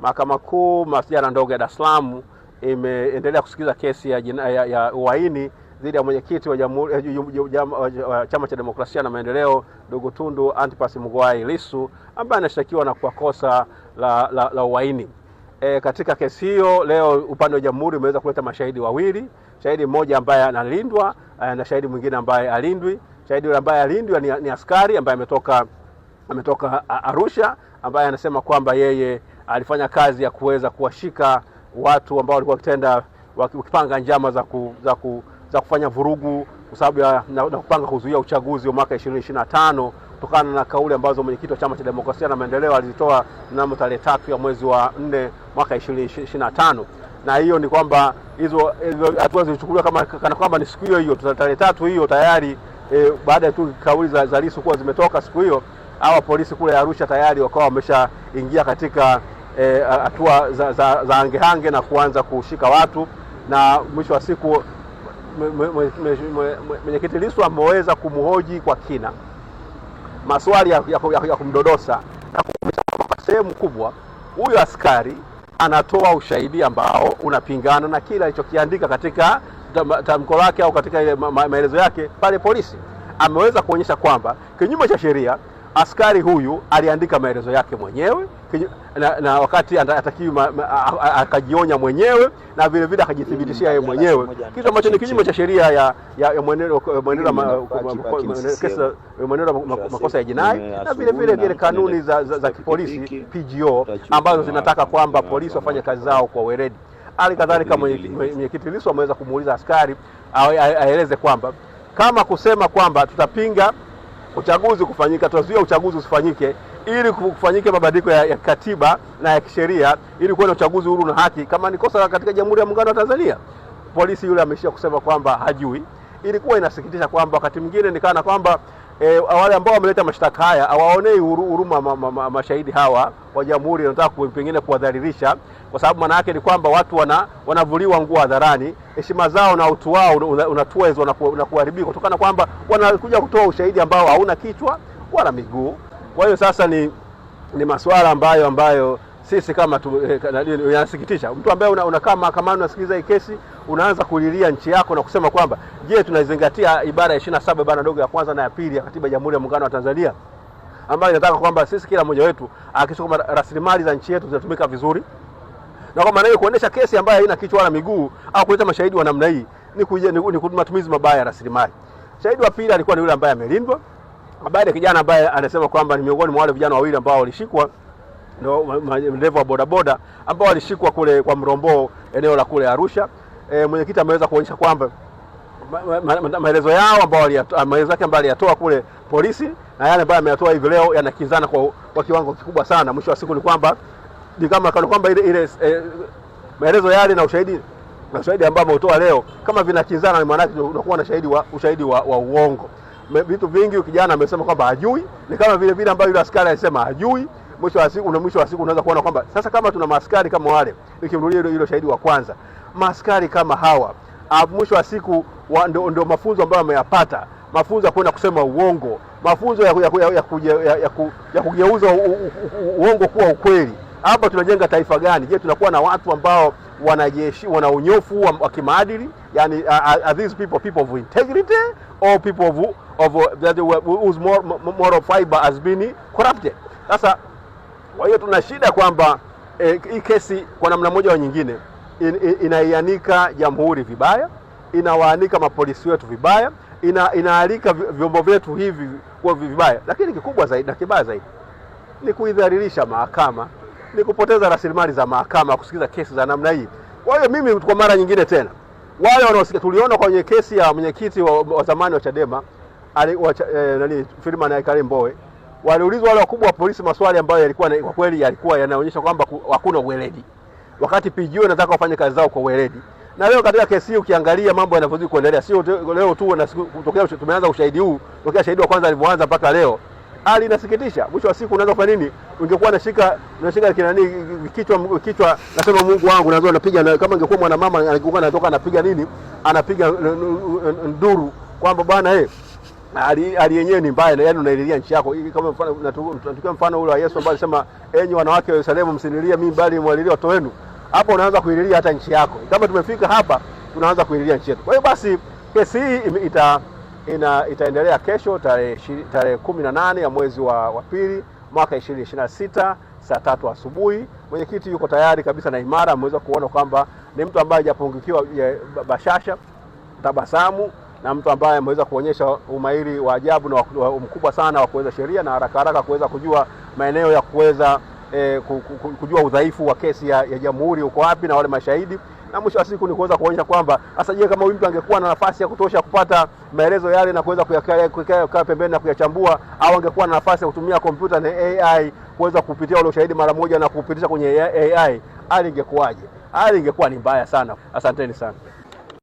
Mahakama Kuu masjara ndogo ya Dar es Salaam imeendelea kusikiliza kesi ya jina, ya, ya uhaini dhidi ya mwenyekiti eh, wa Chama cha Demokrasia na Maendeleo ndugu Tundu Antipas Mugwai Lissu ambaye anashtakiwa na kwa kosa la, la, la uhaini. E, katika kesi hiyo leo upande wa jamhuri umeweza kuleta mashahidi wawili, shahidi mmoja ambaye analindwa eh, na shahidi mwingine ambaye alindwi. Shahidi yule ambaye alindwi ni, ni askari ambaye ametoka ametoka Arusha ambaye anasema kwamba yeye alifanya kazi ya kuweza kuwashika watu ambao walikuwa wakitenda wakipanga njama za, ku, za, ku, za kufanya vurugu kwa sababu na, na kupanga kuzuia uchaguzi wa mwaka 2025 kutokana na kauli ambazo mwenyekiti wa Chama cha Demokrasia na Maendeleo alizitoa mnamo tarehe tatu ya mwezi wa nne mwaka 2025 na hiyo ni kwamba hizo hatua zilichukuliwa kama kana kwamba ni siku hiyo hiyo tarehe tatu hiyo tayari. E, baada tu kauli za, za Lissu kuwa zimetoka siku hiyo, hawa polisi kule Arusha tayari wakawa wameshaingia katika E, hatua e, za, za, za hangehange na kuanza kushika watu na mwisho wa siku mwenyekiti Lissu ameweza kumhoji kwa kina maswali ya, ya, ya, ya kumdodosa na kuonyesha kwamba sehemu kubwa huyo askari anatoa ushahidi ambao unapingana na kile alichokiandika katika tamko lake au katika ile ma, ma, maelezo yake pale polisi. Ameweza kuonyesha kwamba kinyume cha sheria askari huyu aliandika maelezo yake mwenyewe na, na wakati atakiwi akajionya mwenyewe na vile vile akajithibitishia mm, yeye mwenyewe, kitu ambacho ni kinyume cha sheria ya mwenendo makosa ya jinai mm, na vile vile vile kanuni za kipolisi PGO ambazo zinataka kwamba polisi wafanye kazi zao kwa weledi. Hali kadhalika mwenyekiti Lissu ameweza kumuuliza askari aeleze kwamba kama kusema kwamba tutapinga uchaguzi kufanyika, tunazuia uchaguzi usifanyike ili kufanyike mabadiliko ya, ya katiba na ya kisheria ili kuwe na uchaguzi huru na haki. Kama ni kosa katika Jamhuri ya Muungano wa Tanzania, polisi yule ameishia kusema kwamba hajui. Ilikuwa inasikitisha kwamba wakati mwingine nikana kwamba e, wale ambao wameleta mashtaka haya hawaonei huruma ma, ma, ma, mashahidi hawa wa jamhuri, wanataka pengine kuwadhalilisha, kwa sababu maana yake ni kwamba watu wana, wanavuliwa nguo hadharani, heshima zao na utu wao unatuwezwa una, una na kuharibika kutokana kwamba wanakuja kutoa ushahidi ambao hauna kichwa wala miguu. Kwa hiyo sasa ni, ni masuala ambayo ambayo sisi kama tu, eh, mtu ambaye unakaa una mahakamani unasikiliza hii kesi unaanza kulilia nchi yako na kusema kwamba je, tunazingatia ibara ya ishirini na saba ibara ndogo ya kwanza na ya pili ya katiba ya Jamhuri ya Muungano wa Tanzania ambayo inataka kwamba sisi kila mmoja wetu ahakikishe kwamba rasilimali za nchi yetu zinatumika vizuri, na kwa maana hiyo kuonesha kesi ambayo haina kichwa wala miguu au kuleta mashahidi wa namna hii ni, ni matumizi mabaya ya rasilimali. Shahidi wa pili alikuwa ni yule ambaye amelindwa, habari ya kijana ambaye anasema kwamba ni miongoni mwa wale vijana wawili ambao walishikwa ndio mdereva wa bodaboda ambao walishikwa kule kwa Mrombo, eneo la kule Arusha. E, mwenyekiti ameweza kuonyesha kwamba maelezo ma, ma, ma, ma, yao ambao maelezo yake ambayo aliyatoa kule polisi na yale ambayo ameyatoa hivi leo yanakizana kwa, kwa kiwango kikubwa sana. Mwisho wa siku ni kwamba ni kama kana kwamba ile, ile e, maelezo yale na ushahidi na ushahidi ambao ameutoa leo kama vinakinzana, maana yake unakuwa na shahidi wa ushahidi wa, wa uongo. Vitu vingi kijana amesema kwamba hajui, ni kama vile vile ambavyo yule askari alisema hajui mwisho wa siku na mwisho wa siku unaweza kuona kwamba sasa kama tuna maskari kama wale, nikimrudia hilo shahidi wa kwanza, maskari kama hawa mwisho wa siku wa, ndo, ndo mafunzo ambayo wameyapata, mafunzo ya kwenda kusema uongo, mafunzo ya, ya, ya, ya, ya, ya, ya kugeuza uongo kuwa ukweli. Hapa tunajenga taifa gani? Je, tunakuwa na watu ambao wanajeshi wana unyofu wa, wa kimaadili? Yani, are, are these people people of integrity or people of, of, that whose moral fiber has been corrupted? Sasa kwa hiyo tuna shida kwamba e, hii kesi kwa namna moja au nyingine in, in, inaianika jamhuri vibaya, inawaanika mapolisi wetu vibaya, ina, inaalika vyombo vyetu hivi kwa vibaya, lakini kikubwa zaidi na kibaya zaidi ni kuidhalilisha mahakama, ni kupoteza rasilimali za mahakama kusikiza kesi za namna hii. Kwa hiyo mimi, kwa mara nyingine tena, wale wanaosikia, tuliona kwenye kesi ya mwenyekiti wa zamani wa, Chadema ali, wa, eh, nani Freeman Aikaeli Mbowe waliulizwa wale wakubwa wa polisi maswali ambayo yalikuwa kwa kweli yalikuwa yanaonyesha kwamba hakuna uweledi, wakati PGO inataka wafanye kazi zao kwa uweledi. Na leo katika kesi hii ukiangalia mambo yanavyozidi kuendelea, sio leo tu na kutokea, tumeanza ushahidi huu tokea shahidi wa kwanza alivyoanza mpaka leo, hali inasikitisha. Mwisho wa siku unaweza kufanya nini? Ungekuwa nashika unashika kinani kichwa kichwa, nasema Mungu wangu, nazo napiga na, kama ingekuwa mwana mama angekuwa anatoka anapiga nini, anapiga nduru kwamba bwana eh hey, hali yenyewe ni mbaya, yaani unaililia nchi yako. Kama mfano tunachukua mfano ule wa Yesu ambaye alisema enyi wanawake wa Yerusalemu, msinilie mimi, bali mwalilie watoto wenu. Hapo unaanza kuililia hata nchi yako. Kama tumefika hapa, tunaanza kuililia nchi yetu. Kwa hiyo basi kesi hii ita, ina, itaendelea kesho tarehe tarehe kumi na nane ya mwezi wa, wa pili mwaka 2026 saa tatu asubuhi. Mwenyekiti yuko tayari kabisa na imara, ameweza kuona kwamba ni mtu ambaye hajapungukiwa bashasha, tabasamu na mtu ambaye ameweza kuonyesha umahiri wa ajabu na mkubwa sana wa kuweza sheria na haraka haraka kuweza kujua maeneo ya kuweza e, kujua udhaifu wa kesi ya, ya jamhuri uko wapi na wale mashahidi na mwisho wa siku ni kuweza kuonyesha kwamba hasa, je, kama huyu mtu angekuwa na nafasi ya kutosha kupata maelezo yale na kuweza kuyakaa pembeni na kuyachambua, au angekuwa na nafasi ya kutumia kompyuta na AI kuweza kupitia ule ushahidi mara moja na kupitisha kwenye AI, hali ingekuwaje? Hali ingekuwa ni mbaya sana. Asanteni sana.